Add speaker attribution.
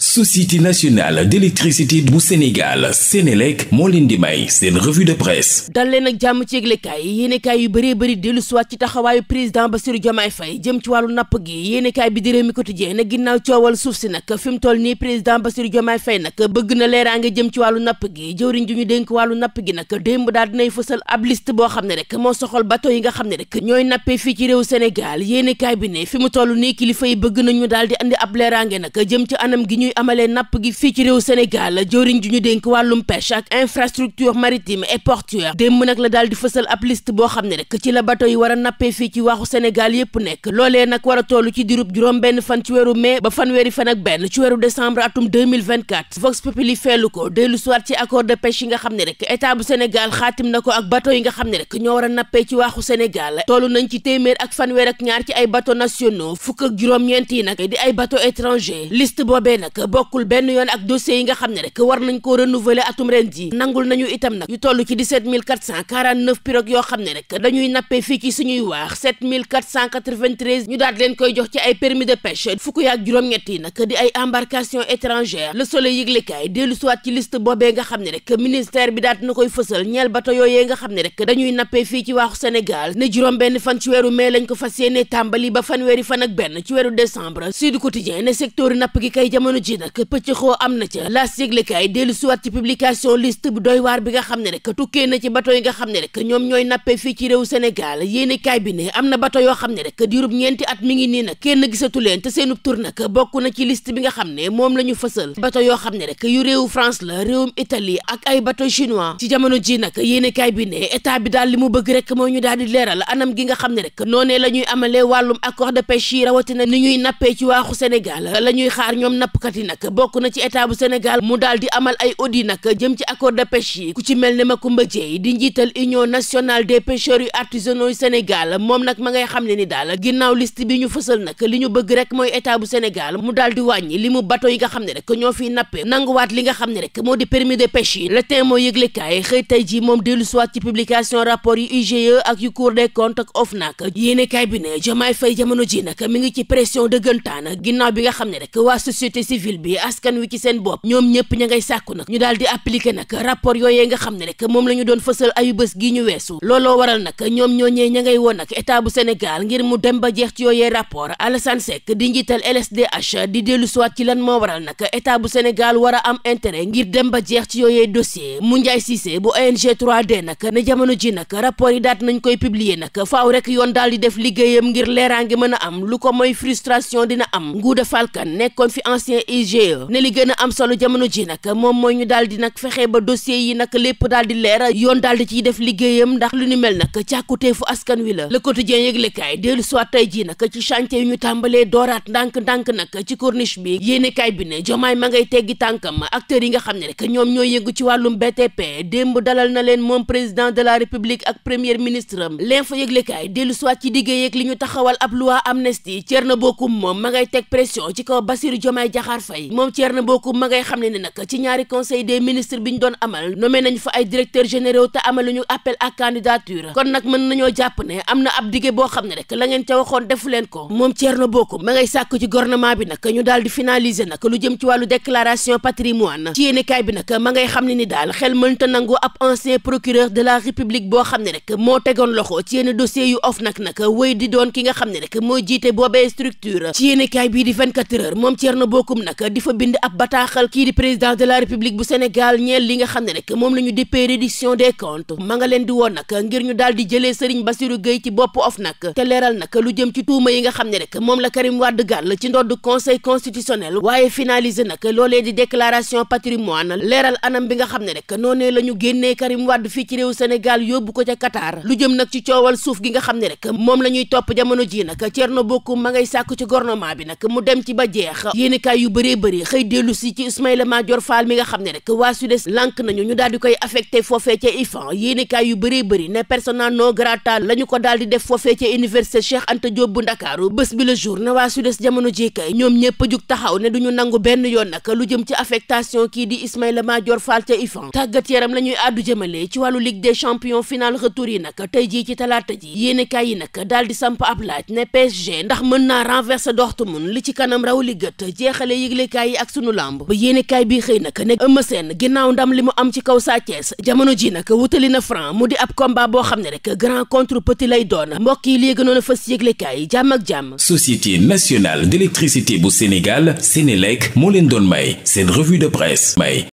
Speaker 1: société nationale d'électricité bu Sénégal Sénélec moo leen di may seen revue de presse dal leen ak jàmm ci yëglekaay yi yéenekaay yu bëree bëri dellu siwaat ci taxawaayu président Bassirou Diomaye Faye jëm ci wàllu napp gi yéenekaay bi di Rewmi Quotidien ne ginnaaw coowal suuf si nag fi mu toll nii président Bassirou Diomaye Faye nag bëgg na leeraange jëm ci wàllu napp gi jëwriñ ju ñu dénk wàllu napp gi nag démb daal dinay fësal ab liste boo xam ne rek moo soxal bateau yi nga xam ne rek ñooy nappee fii ci réew Sénégal yéenekaay bi ne fi mu toll nii kilifa yi bëgg nañu daal ñuy amalee napp gi fii ci réew Sénégal jëwriñ ju ñu dénk wàllum pêche ak infrastructure maritime et portuaire démb nag la daal di fësal ab liste boo xam ne rek ci la bateau yi war a fii ci waaxu Sénégal yépp nekk loolee nag war a toll ci dirub juróom benn fan ci weeru mai ba fanweeri fan benn ci weeru décembre atum 2024 Vox Populi feelu ko dellu soir ci accord de yi nga xam ne rek état bu Sénégal xaatim na ko ak bateau yi nga xam ne rek ñoo war a nappee ci waaxu Sénégal tollu nañ ci téeméer ak fanweer ak ñaar ci ay bato nationaux fukk ak juróom-ñeent yi nag di ay bateau étranger list boobee nag bokkul benn yoon ak dossiers yi nga xam ne rek war nañ koo renouveler atum ren ji nangul nañu itam nag yu toll ci 17 449 pirogues yoo xam ne rek dañuy nappee fii ci suñuy waax 7 493 ñu daal leen koy jox ci ay permis de pêche fukk yaak juróom-ñett yi nag di ay embarcation étrangère le soleil yëglekaay dellu siwaat ci liste boobee nga xam ne rek ministère bi daal dina koy fësal ñeel bato yooyee nga xam ne rek dañuy nappee fii ci waaxu Sénégal ne juróom benn fan ci weeru mai lañ ko fas yéene tàmbali ba fanweeri fan ak benn ci weeru décembre Sud Quotidien ne secteur napp gi kay jamono ji nag pëccëxoo am na ca laas yëglekaay dellu siwaat ci publication liste bu doy waar bi nga xam ne rek tukkee na ci bato yi nga xam ne rek ñoom ñooy nappee fii ci réew Sénégal yéenekaay bi ne na bato yoo xam ne rek diirub ñeenti at mi ngi nii nag kenn gisatu leen te seenub tur nag bokk na ci liste bi nga xam ne moom la ñu fësal bato yoo ne rek yu réewu France la réewum Italie ak ay bato chinois ci jamono ji nag yéenekaay bi ne état bi daal li mu bëgg rek moo ñu daal di leeral anam gi nga xam ne rek noonee la ñuy amalee wàllum accord de pêche yi rawatina ni ñuy nappee ci waaxu Sénégal la ñuy xaar ñoom nappkat waxati nag bokk na ci état bu Sénégal mu daal di amal ay audit nag jëm ci accord de pêche yi ku ci mel ne Macoumba Dieye di njiital union nationale des pêcheurs yu artisanaux yu Sénégal moom nag ma ngay xam ne ni daal ginnaaw liste bi ñu fësal nag li ñu bëgg rek mooy état bu Sénégal mu daal di wàññi li mu bateau yi nga xam ne rek ñoo fiy nappe nanguwaat li nga xam ne rek moo di permis de pêche yi le temps moo yëglekaay xëy ji moom dellu siwaat ci publication rapport e bi ne Diomaye Faye civile bi askan wi ci seen bopp ñoom ñëpp ña ngay sàkku nag ñu daal di appliquer nag rapport yooyee nga xam ne rek moom la doon fësal ayu gi ñu weesu looloo waral nag ñoom ñooñee ña ngay woon nag état Sénégal ngir mu dem ba jeex ci yooyee rapport Alassane Seck di njiital LSDH di dellu siwaat ci lan moo waral nag état Sénégal war a am intérêt ngir dem ba jeex ci yooyee dossier Moundiaye Cissé bu ONG 3D nag ne jamono ji nag rapport yi daat nañ di a IGE ne li gën a am solo jamono ji nag moom mooy ñu daal di nag fexe ba dossier yi nag lépp daal di leer yoon daal di ciy def liggéeyam ndax lu ni mel nag càkkuteefu askan wi la Le Quotidien yëglekaay dellu soit tey ji nag ci chantier yu tàmbalee dooraat ndànk-ndànk nag ci corniche bi yéenekaay bi ne jomaay ma ngay teggi tànkam acteurs yi nga xam ne rek ñoom ñoo yëngu ci wàllum BTP démb dalal na leen moom président de la république ak premier ministre am l'info yëglekaay dellu soit ci diggéey ak li ñu taxawal ab loi amnistie Thierno Bocoum moom ma ngay teg pression ci kaw Bassirou Diomaye Diakhar Matar Faye moom Thierno Bocoum ma ngay xam ne ne nag ci ñaari conseil des ministres bi ñu doon amal nommé nañ fa ay directeurs généraux te amaluñu appel à candidature kon nag mën nañoo jàpp ne am na ab dige boo xam ne rek la ngeen ca waxoon defu ko moom Thierno Bocoum ma ma ngay xam ne ni daal xel mënta nangu ab ancien procureur de la république boo xam ne rek moo tegoon loxo ci yenn dossier yu of nag nag wéy di doon ki nga xam ne rek moo jiite nag di fa bind ab bataaxal kii di président de la république bu Sénégal ñeel li nga xam ne rek moom la ñu dippee reddition des comptes ma nga leen di woon nag ngir ñu daal di jëlee Serigne Bassirou Gueye ci bopp OFNAC te leeral nag lu jëm ci tuuma yi nga xam ne rek moom la di déclaration patrimoine leeral anam bi nga xam ne rek noonee la ñu génnee Karim Wade fii ci réew Sénégal yóbbu ko ca Qatar lu jëm nag ci coowal suuf gi nga xam ne rek moom la ñuy topp jamono ji nag Thierno Bocoum ma ngay sàkku bi nag bëree bëri xëy dellu si ci Ismaïla Madior Fall mi nga xam di koy affecté foofee ca IFAN yéenekaay yu bëree bëri ne persona non grata la jour ne waa SUDES jamono ji kay ñoom ñëpp jug taxaw ne duñu nangu benn yoon nag lu jëm ci affectation kii di Ismaïla Madior Fall ca IFAN tàggat yaram la ñuy àddu jëmale ci wàllu Ligue des champions finale retour yi nag tey jii ci talaata ji yéenekaay yi nag daal di samp ab laaj ne PSG ndax mën naa renverser Dortmund li ci kanam raw li jeexale yi yëglekaay yi ak sunu lamb ba yéenekaay bi xëy nag ne Eumeu Sène ginnaaw ndam li mu am ci kaw Sa jamono ji nag wutali na franc mu di ab combat boo xam ne rek grand contre petit lay doon mbokk yi léegi noonu fas yëglekaay yi jàmm ak jàmm Société nationale d'électricité bu Sénégal Sénélec moo leen doon may seen revue de presse may